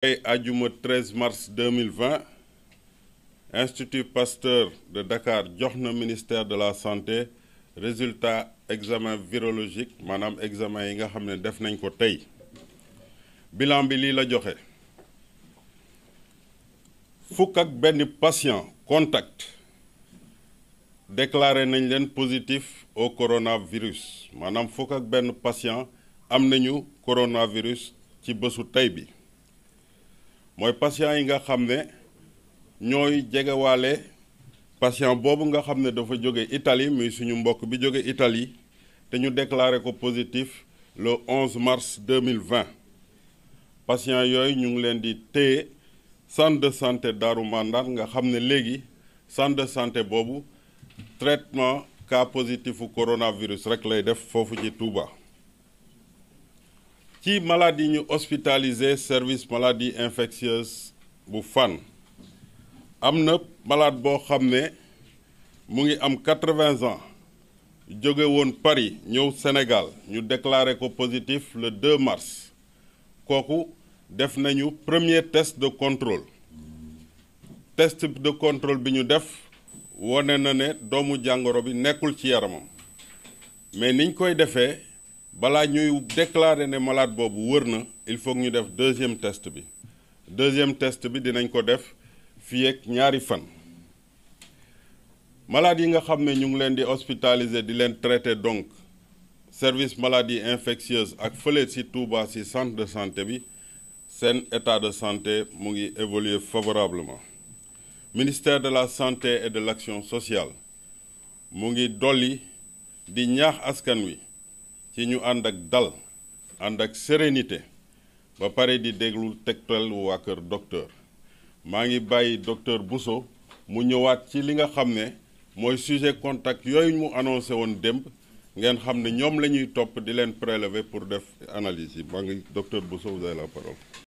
tey ajuma 13 mars 2020 institut pasteur de dakar jox na ministère de la santé résultat examen virologique maanaam examen yi nga xam ne def nañ ko tey bilan bi lii la joxe fukk benn patient contact déclaré nañ leen positif au coronavirus maanaam fukk benn patient am nañu coronavirus ci bésu tey bi mooy patient yi nga xam ne ñooy jegewaale patient boobu nga xam ne dafa jóge Italie muy suñu mbokk bi jóge Italie te ñu déclaré ko positif le 11 mars 2020 patient yooyu ñu ngi leen di te centre de santé Daaru Mandan nga xam ne léegi centre de santé boobu traitement cas positif u coronavirus rek lay def foofu ci Touba ci malade yi ñu hospitalisé service maladie infectieuse bu Fann am na malade boo xam ne mu ngi am quatre-vingts ans jóge woon Paris ñëw Sénégal ñu déclaré ko positif le 2 mars kooku def nañu premier test de contrôle test de contrôle bi ñu def wone na ne doomu jàngoro bi nekkul ci yaramam mais niñ koy defee balaa ñuy déclarer ne malade boobu wër na il faut ñu def deuxième test bi deuxième test bi dinañ ko def fii ñaari fan malade yi nga xam ne ñu ngi leen di hospitaliser di leen traiter donc service maladie infectieuse ak fële ci Touba ci centre de santé bi seen état de santé mu ngi évoluer favorablement ministère de la santé et de l'action sociale mu ngi dolli di ñaax askan wi ci ñu ànd ak dal ànd ak sérénité ba pare di déglu tegtal waa kër docteur maa ngi bàyyi docteur Bousso mu ñëwaat ci li nga xam ne mooy sujet contact yooyu mu annoncé woon démb ngeen xam ne ñoom la ñuy topp di leen prélever pour def analyse yi maa ngi docteur Bousso vous avez la parole